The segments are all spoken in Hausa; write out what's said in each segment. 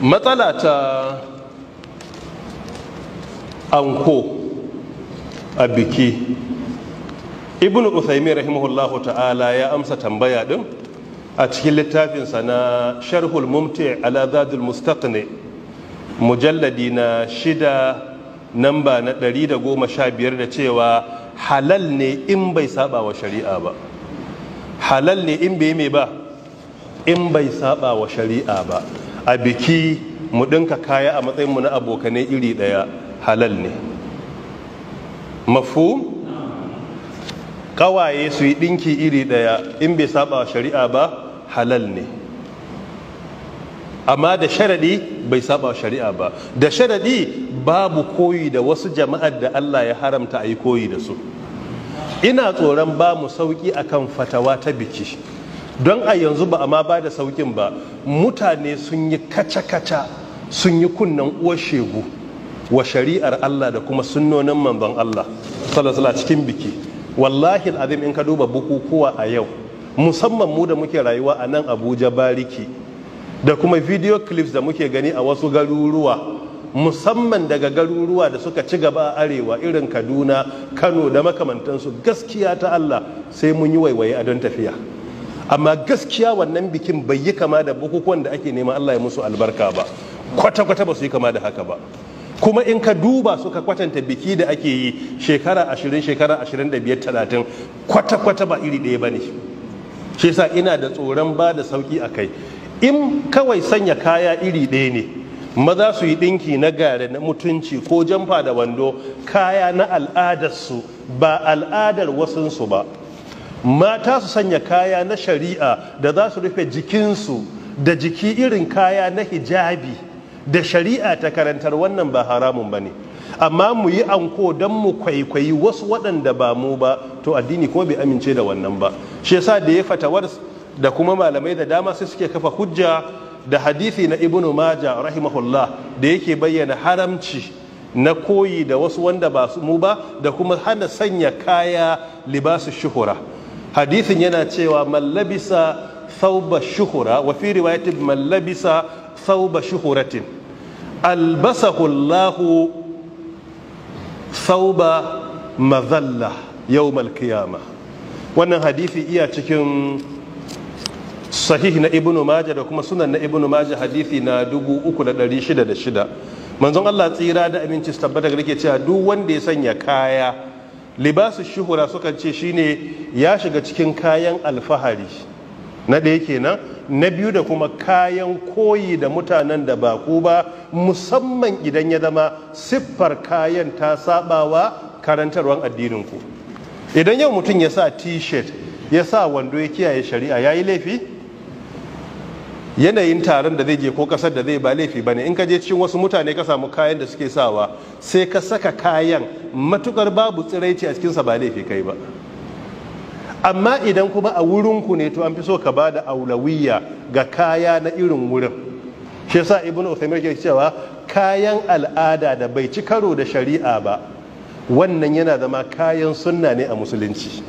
matsala ta anko a biki ibn usaimi rahimahullahu ta'ala ya amsa tambaya din a cikin littafinsa na sharhul mumti ala zadul mustaqni mujalladi na shida namba na ɗari da goma sha biyar da cewa halal ne in bai saba wa shari'a ba halal ne in bai mai ba in bai saba wa shari'a ba a biki mu ɗinka kaya a matsayin mu na abokanai iri ɗaya halal ne mafu kawaye su yi ɗinki iri ɗaya in bai saba shari'a ba halal ne amma da sharaɗi bai saba shari'a ba da sharaɗi babu koyi da wasu jama'ar da Allah ya haramta ayi koyi da su ina tsoron ba mu sauƙi akan fatawa ta biki don a yanzu ba a ma ba da saukin ba mutane sun yi kaca-kaca sun yi kunnen uwar shegu wa shari'ar Allah da kuma sunnonin manzon Allah salasala cikin biki wallahi azim in ka duba bukukuwa a yau musamman mu da muke rayuwa a nan Abuja bariki da kuma video clips da muke gani a wasu garuruwa musamman daga garuruwa da suka ci gaba a arewa irin Kaduna Kano da makamantansu gaskiya ta Allah sai mun yi waiwaye a don tafiya amma gaskiya wannan bikin bai yi kama da bukukuwan da ake nema Allah ya musu albarka ba kwata-kwata ba su yi kama da haka ba kuma in ka duba suka kwatanta biki da ake yi shekara 20 shekara 25 30 kwata-kwata ba iri ɗaya ba ne shi sa ina da tsoron ba da sauki a kai in kawai sanya kaya iri ɗaya ne maza su yi ɗinki na gare na mutunci ko jamfa da wando kaya na al'adarsu ba al'adar wasansu ba mata su sanya kaya na shari'a da za su rufe jikinsu da jiki irin kaya na hijabi da shari'a ta karantar wannan ba haramun ba ne amma mu yi anko don mu kwaikwayi wasu waɗanda ba mu ba to addini ko bai amince da wannan ba shi yasa da ya fatawar da kuma malamai da dama sai suke kafa hujja da hadithi na ibnu maja rahimahullah da yake bayyana haramci na koyi da wasu wanda ba su mu ba da kuma hana sanya kaya libasu shuhura hadisin yana cewa mallabisa thauba shuhura wa fi riwayatin mallabisa thauba shuhuratin albasahu Allahu thauba mazalla yawmal qiyama wannan hadisi iya cikin sahih na ibnu majah da kuma sunan na ibnu majah hadisi na 3606 manzon Allah tsira da aminci tabbata ga yake cewa duk wanda ya sanya kaya libasu shuhura suka ce shine ya shiga cikin kayan alfahari na ɗaya kenan na biyu da kuma kayan koyi da mutanen da ba ku ba musamman idan ya zama siffar kayan ta sabawa karantarwar addininku idan yau mutum ya sa t-shirt ya sa wando ya kiyaye shari'a ya yi laifi yanayin taron da zai je ko kasar da zai ba laifi ba ne in ka je cikin wasu mutane ka samu kayan da suke sawa sai ka saka kayan matukar babu tsiraici a cikinsa ba laifi kai ba amma idan kuma a wurinku ne to an fi so ka ba da aulawiya ga kaya na irin wurin shi sa ibnu uthaymeen ke cewa kayan al'ada da bai ci karo da shari'a ba wannan yana zama kayan sunna ne a musulunci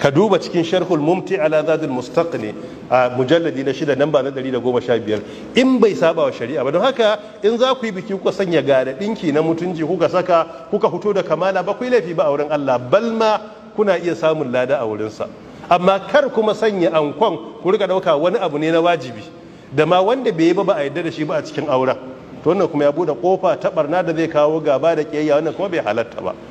ka duba cikin sharhul mumti ala zadul mustaqli a mujalladi na shida nan ba na 115 in bai saba wa shari'a ba don haka in za ku yi biki kuka sanya gada dinki na mutunci kuka saka kuka fito da kamala ba ku yi laifi ba a wurin Allah balma kuna iya samun lada a wurin sa amma kar kuma sanya ankon ku rika dauka wani abu ne na wajibi da ma wanda bai yi ba ba a yarda da shi ba a cikin auren to wannan kuma ya bude kofa ta barna da zai kawo gaba da kiyayya wannan kuma bai halatta ba